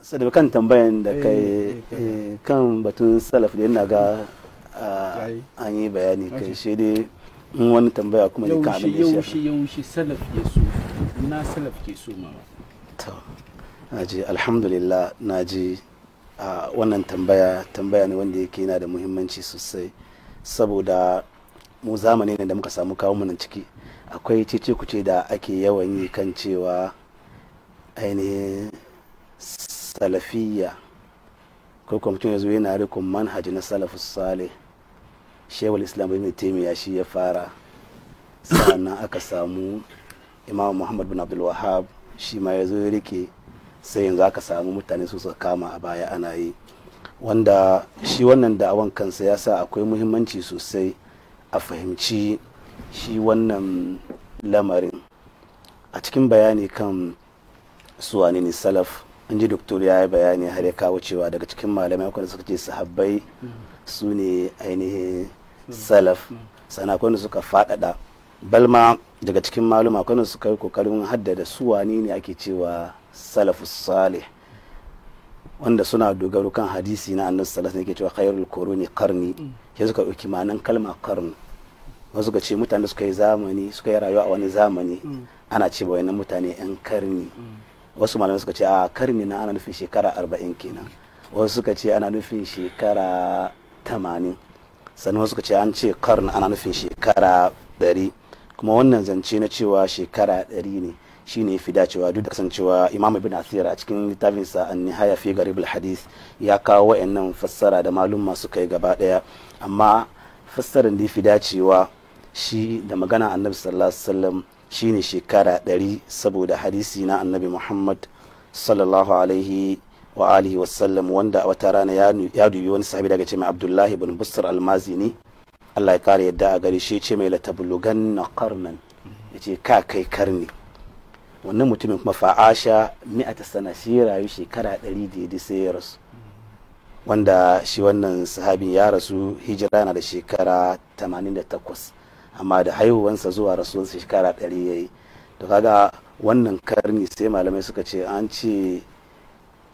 sadabi kan tambayan da eh, kai eh, eh, kan batun salaf da yana ga an yi bayani kai shi dai in wani tambaya kuma ne kan abin yau shi yau shi salaf ke so na salaf ke so ma to naji alhamdulillah naji a wannan tambaya tambaya ne wanda yake yana da muhimmanci sosai saboda mu zamani ne da muka samu kawo mu nan ciki akwai cece kuce da ake yawan yi kan cewa ainihin salafiyya ko kuma mutum ya zo yana rikon manhaji na salafu Saleh shewar islam ibn taimiyya shi ya fara sannan aka samu imam muhammad bin abdul wahab shi ma ya zo ya rike sai yanzu aka samu mutane su suka kama a baya ana yi wanda shi wannan da'awan kansa ya sa akwai muhimmanci sosai a fahimci shi wannan lamarin a cikin bayani kan suwani ne salaf an ji doktor ya yi bayani har ya kawo cewa daga cikin malamai akwai suka ce sahabbai su ne ainihin salaf sana akwai suka faɗaɗa balma daga cikin maluma akwai suka yi kokarin haddada su wani ne ake cewa salafu salih wanda suna dogaro kan hadisi na annabi ne ke cewa khairul quruni qarni ke suka dauki ma'anan kalma qarni wasu suka ce mutane suka yi zamani suka yi rayuwa a wani zamani ana ce ba mutane yan karni wasu malamai suka ce a karni na ana nufin shekara arba'in kenan wasu suka ce ana nufin shekara tamanin sannan wasu suka ce an ce karni ana nufin shekara ɗari kuma wannan zance na cewa shekara ɗari ne shi shine fi dacewa duk da kasancewa imam ibn asir a cikin littafinsa an nihaya fi garib hadis ya kawo wayannan fassara da malum masu kai gaba daya amma fassarar da fi dacewa shi da magana annabi sallallahu alaihi wasallam shine shekara ɗari saboda hadisi na annabi muhammad sallallahu alaihi wa alihi wasallam wanda a wata rana ya dubi wani sahabi daga ce mai abdullahi bin almazi ne. allah ya kara yadda a gari shi ce mai latabulugan na karnan ya ce ka kai karni wannan mutumin kuma fa'asha mi'ata sana shi rayu shekara ɗari daidai sai ya rasu wanda shi wannan sahabin ya rasu hijira na da shekara 88 amma da haihuwansa zuwa rasuwarsa shekara ɗari ya yi to kaga wannan karni sai malamai suka ce an ce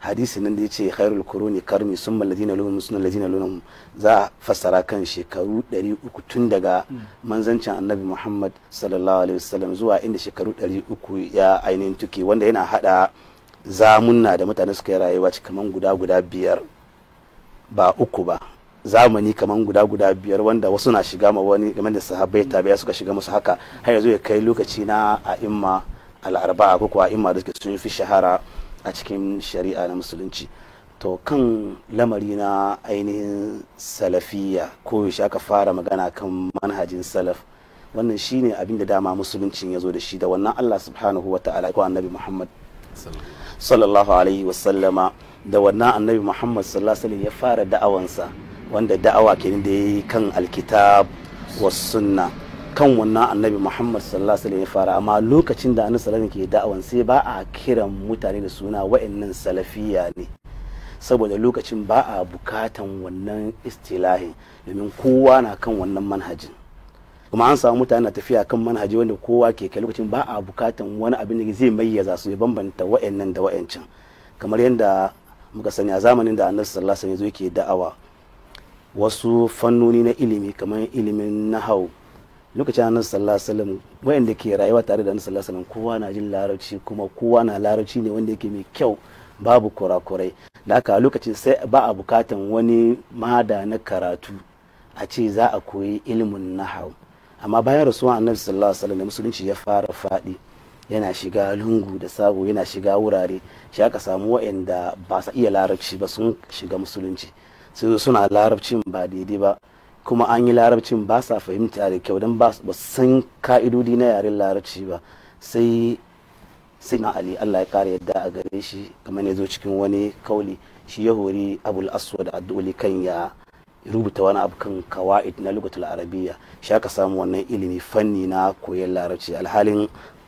hadisi nan da ya ce khairul kuruni karni sun malladina lumun sun malladina lumun za a fassara kan shekaru 300 tun daga hmm. manzancin annabi muhammad sallallahu alaihi wasallam zuwa inda shekaru ɗari uku ya ainihin tuki wanda yana hada zamunna da mutane suka yi rayuwa cikin guda guda biyar ba uku ba zamani kamar guda guda biyar wanda wasu na shiga ma wani game da sahabbai tabi'a suka shiga musu haka har yanzu ya kai lokaci na a imma al'arba, ko kuwa imma da suke sun fi shahara a cikin shari'a na musulunci to kan lamari na ainihin salafiya ko shi aka fara magana kan manhajin salaf wannan shine abin da dama musuluncin ya zo da shi da wannan Allah subhanahu wa ta'ala ko annabi Muhammad sallallahu alaihi sallama, da wannan annabi Muhammad sallallahu alaihi ya fara da'awansa wanda da'awa kenan da yayi kan alkitab wa sunna kan wannan annabi muhammad sallallahu alaihi ya fara amma lokacin da annabi sallallahu ke da'awan sai ba a kiran mutane da suna wa'annan salafiya ne saboda lokacin ba a bukatan wannan istilahin domin kowa na kan wannan manhajin kuma an samu mutane na tafiya kan manhaji wanda kowa ke kai lokacin ba a bukatan wani abin da zai mayyaza su ya bambanta wa'annan da wa'ancan kamar yadda muka sani a zamanin da annabi sallallahu alaihi wasallam yake da'awa wasu fannoni na ilimi kamar ilimin nahau lokacin annan sallallahu alaihi wasallam wayanda ke rayuwa tare da annan sallallahu alaihi kowa na jin larabci kuma kowa na larabci ne wanda yake mai kyau babu kurakurai da haka lokacin sai ba a bukatan wani mada na karatu a ce za a koyi ilimin nahau amma bayan rasuwa annabi sallallahu alaihi wasallam musulunci ya fara faɗi yana shiga lungu da sabo yana shiga wurare shi aka samu wayanda ba sa iya larabci ba sun shiga musulunci su suna larabcin ba daidai ba kuma an yi larabcin ba sa fahimta da kyau don ba su san ka'idodi na yaren larabci ba sai sai na ali allah ya kara yadda a gare shi kamar ne zo cikin wani kauli shi ya hori abul da addu'uli kan ya rubuta wani abu kan kawa'id na lugatul arabiya shi aka samu wannan ilimi fanni na koyon larabci alhalin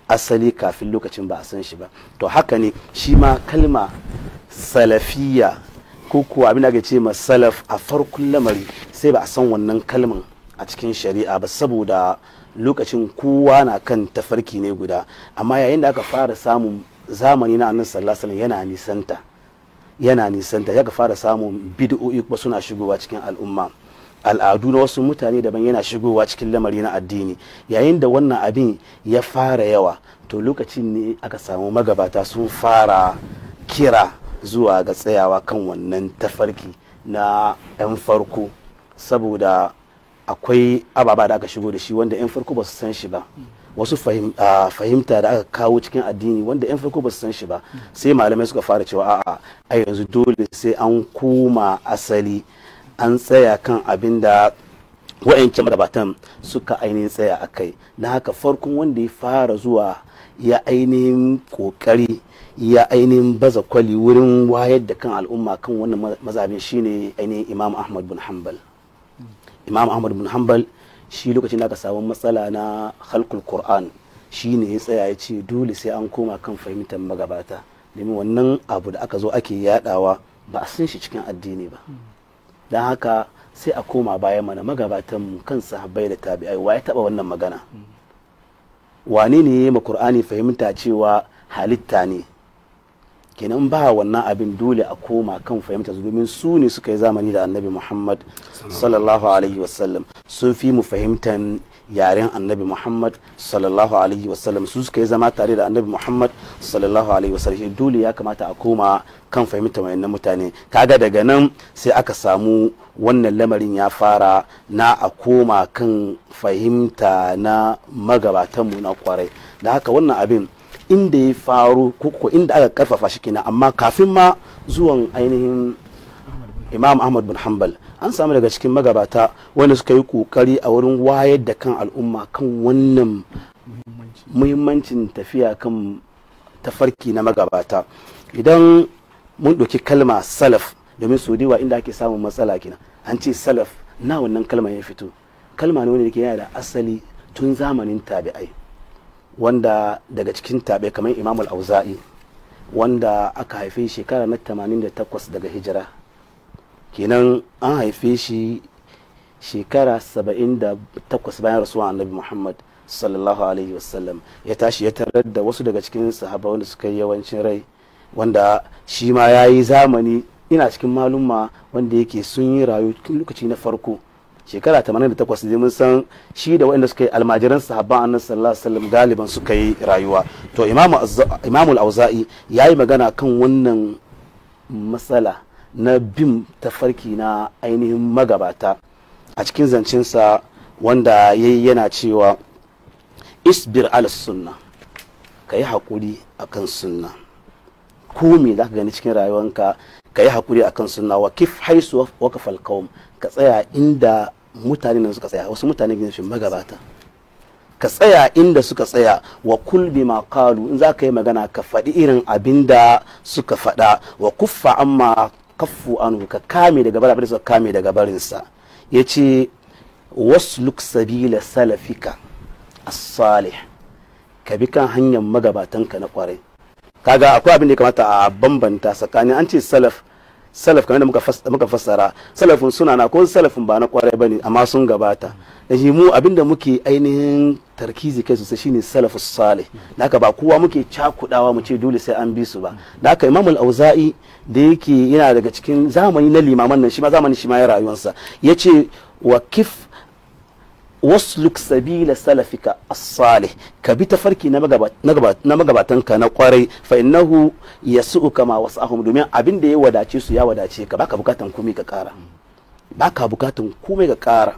asali kafin lokacin ba a san shi ba to haka ne shi ma kalma salafiya ko kuwa abin da aka ce masalaf a farkon lamari sai ba a san wannan kalman a cikin shari'a ba saboda lokacin kowa na kan tafarki ne guda amma yayin da aka fara samun zamani na annabi sallallahu alaihi yana nisanta yana nisanta ya fara samun bid'o'i kuma suna shigowa cikin al'umma al'adu na wasu mutane daban yana shigowa cikin lamari na addini yayin da wannan abin ya fara yawa to lokacin ne aka samu magabata sun fara kira zuwa ga tsayawa kan wannan tafarki na 'yan farko saboda akwai ababa da aka shigo da shi wanda 'yan farko ba su san shi ba wasu fahimta da aka kawo cikin addini wanda 'yan farko ba su san shi ba sai malamai suka fara cewa a'a a yanzu dole sai an koma asali an tsaya kan abin da wa'yancin magabatan suka ainihin tsaya a kai na haka farkon wanda ya fara zuwa ya ainihin kokari ya ainihin baza kwali wurin wayar da kan al'umma kan wannan mazabin shine ainihin imam ahmad bin hanbal imam ahmad bin hanbal shi lokacin da aka samu matsala na halkul qur'an shi ne ya tsaya ya ce dole sai an koma kan fahimtar magabata domin wannan abu da aka zo ake yadawa ba a san shi cikin addini ba don haka sai a koma bayan mana magabatan kan sahabbai da tabi'ai wa ya taba wannan magana wane ne ya qur'ani fahimta cewa halitta ne kenan ba wannan abin dole a koma kan fahimta su domin su ne suka yi zamani da annabi muhammad sallallahu alaihi wasallam sun fi mu fahimtan yaren annabi muhammad sallallahu alaihi wasallam su suka yi zama tare da annabi muhammad sallallahu alaihi wasallam dole ya kamata a koma kan fahimta wayannan mutane kaga daga nan sai aka samu wannan lamarin ya fara na a koma kan fahimta na magabatanmu na kwarai da haka wannan abin inda ya faru ko inda aka karfafa shi kenan amma kafin ma zuwan ainihin imam ahmad bin hanbal an samu daga cikin magabata wanda suka yi kokari a wurin wayar da kan al'umma kan wannan muhimmancin tafiya kan tafarki na magabata idan mun ɗauki kalma salaf domin su diwa inda ake samun matsala kina an ce salaf na wannan kalma ya fito kalma ne wanda yake yana da asali tun zamanin tabi'ai wanda daga cikin tabi'ai kamar imamul auza'i wanda aka haife shekara na 88 daga hijira kenan an haife shi shekara saba'in da takwas bayan rasuwa annabi muhammad sallallahu alaihi wasallam ya tashi ya tarar da wasu daga cikin sahaba wanda suka yi yawancin rai wanda shi ma ya yi zamani ina cikin malumma wanda yake sun yi rayu tun lokaci na farko shekara 88 ne mun san shi da waɗanda suka yi almajiran sahaba annabi sallallahu alaihi wasallam galiban suka yi rayuwa to imamu al-auza'i yayi magana kan wannan matsala na bin tafarki na ainihin magabata a cikin zancensa wanda ya yi yana cewa isbir ala sunna ka yi haƙuri a kan sunna ko me za ka gani cikin rayuwanka ka yi haƙuri a kan sunna wa kif haisu waka falkawum ka tsaya inda mutane nan suka tsaya wasu mutane gina shi magabata ka tsaya inda suka tsaya wa kulbi ma kalu in za ka yi magana ka faɗi irin abin da suka faɗa wa kuffa amma kaffu anu ka kame daga barin abinda suka kame daga barinsa ya ce wasluk sabila salafika a ka bi kan hanyar magabatanka na kwarai kaga akwai abin da ya kamata a bambanta tsakanin an ce salaf salaf kamar yadda muka fassara salafin suna na ko salafin ba na kwarai ba bane amma sun gabata da shi mu abinda muke ainihin tarkizi kai sosai shine salafus sale da haka ba kowa muke cakudawa mu ce dole sai an bi su ba da haka imamul auza'i da yake yana daga cikin zamani na limaman nan shi ma zamani shi ma ya rayuwarsa yace wa kif wasluk sabila salafika as-salih ka bi tafarki na magabatan ka na kwarai fa innahu yasu'u kama wasahum domin abin da ya wadace su ya wadace ka baka bukatan komai ka kara baka bukatan komai ka kara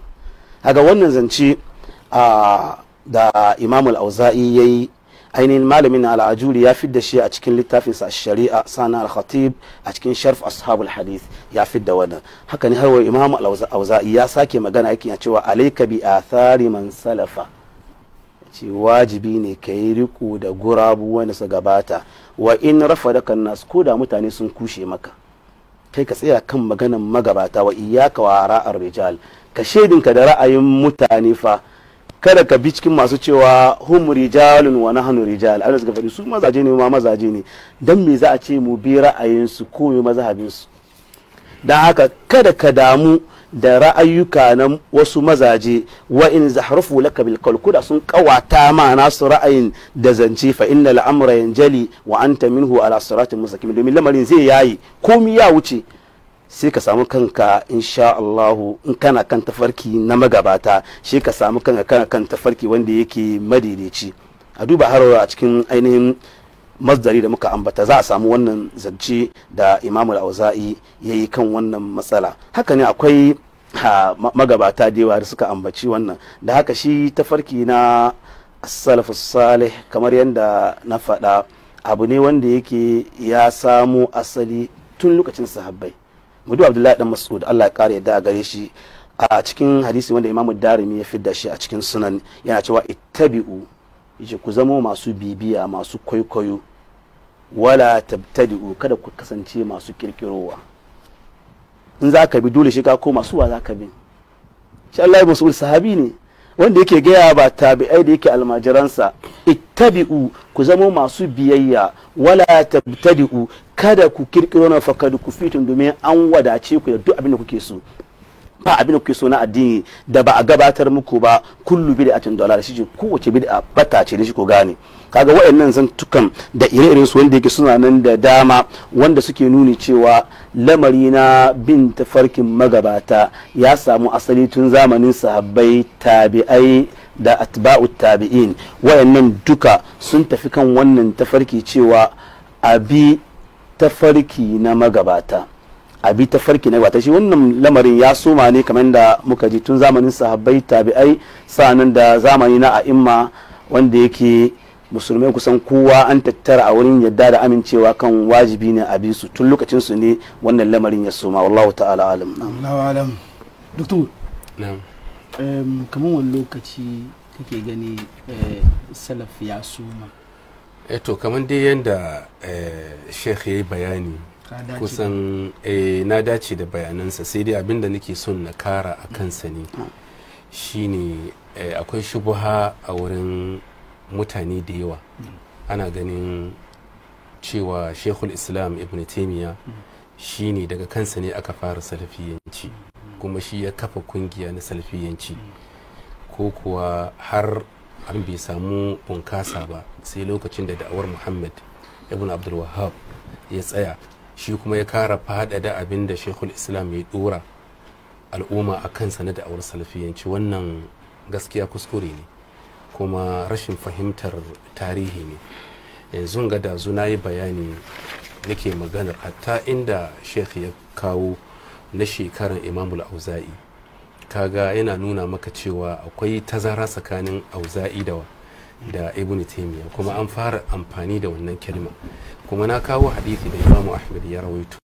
haga wannan zance ah, da imamul auzai yayi ainihin malamin al'ajuri ya fidda shi a cikin littafinsa shari'a sana al-khatib a cikin sharf ashabul hadith ya fidda wannan haka ne har imamu al-auza'i ya sake magana yake ya cewa alayka bi athari man salafa ce wajibi ne ka yi da gurabu wanda su gabata wa in rafa da kan nasu ko da mutane sun kushe maka kai ka tsaya kan maganan magabata wa iyaka wa ra'ar rijal ka shaidinka da ra'ayin mutane fa kada ka bi cikin masu cewa hum rijalun wa nahnu rijal Allah su mazaje ne ma mazaje ne dan me za a ce mu bi ra'ayin su ko mu mazhabin su dan haka kada ka damu da ra'ayuka na wasu mazaje wa in zahrufu laka bil qawl kuda sun kawata ma nasu ra'ayin da zance fa innal amra yanjali wa anta minhu ala siratin mustaqim domin lamarin zai yayi komi ya wuce sai ka samu kanka insha Allahu in kana kan tafarki na magabata sai ka samu kanka kana kan tafarki wanda yake madaidaici a duba har a cikin ainihin mazdari da muka ambata za a samu wannan zance da imamul auza'i ya yi kan wannan matsala haka ne akwai magabata da yawa da suka ambaci wannan da haka shi tafarki na salafu salih kamar yadda na faɗa abu ne wanda yake ya samu asali tun lokacin sahabbai mudu abdullahi dan mas'ud Allah ya kare yadda a gare shi a cikin hadisi wanda imamu darimi ya fidda shi a cikin sunan yana cewa ittabi'u yace ku zamo masu bibiya masu kwaikwayo wala tabtadi'u kada ku kasance masu kirkirowa in za ka bi dole shi ka koma suwa za ka bi shi Allah ibn Mas'ud sahabi ne wanda yake gaya ba tabi'ai da yake almajiransa ittabi'u ku zama masu biyayya wala tabtadi'u kada ku kirkiro na fakadu ku fitun domin an wadace ku da duk abin da kuke so ba abin da kuke so na addini da ba a gabatar muku ba kullu bid'atin dalala shi kowace bid'a bata ce da shi ko gane kaga waɗannan zantukan da ire-iren su wanda yake suna nan da dama wanda suke nuni cewa lamari na bin tafarkin magabata ya samu asali tun zamanin sahabbai tabi'ai da atba'u tabi'in wayannan duka sun tafi kan wannan tafarki cewa abi tafarki na magabata a bi ta farki na wata shi wannan lamarin ya soma ne kamar da muka ji tun zamanin sahabbai tabi'ai sa'annan da zamani na a'imma wanda yake musulmai kusan kowa an tattara a wurin yadda da amincewa kan wajibi ne a bisu tun lokacin su ne wannan lamarin ya soma wallahu ta'ala alam wallahu alam doktor kamar wani lokaci kake gani eh, salaf ya soma eh, to kamar dai yadda eh, sheikh ya bayani kusan eh, na dace da bayanansa sai dai abinda nake son na kara a kansa ne mm. shine eh, akwai shubuha a wurin mutane da yawa mm. ana ganin cewa shekul islam ibn taimiyya mm. shine daga kansa ne aka fara salafiyanci kuma shi ya kafa kungiya na salafiyanci ko kuwa har an bai samu bunkasa ba sai lokacin da da'awar muhammad ibn abdul wahab ya tsaya shi kuma ya kara faɗaɗa abin da shekul islam ya ɗora al'umma a kansa na da'awar salafiyanci wannan gaskiya kuskure ne kuma rashin fahimtar tarihi ne yanzu ga da na yi bayani nake maganar hatta inda sheikh ya kawo na shekarar imamul auza'i kaga yana nuna maka cewa akwai tazara tsakanin auza'i da wa da ibn taymiya kuma an fara amfani da wannan kalma kuma na kawo hadisi da imamu ahmad ya rawaito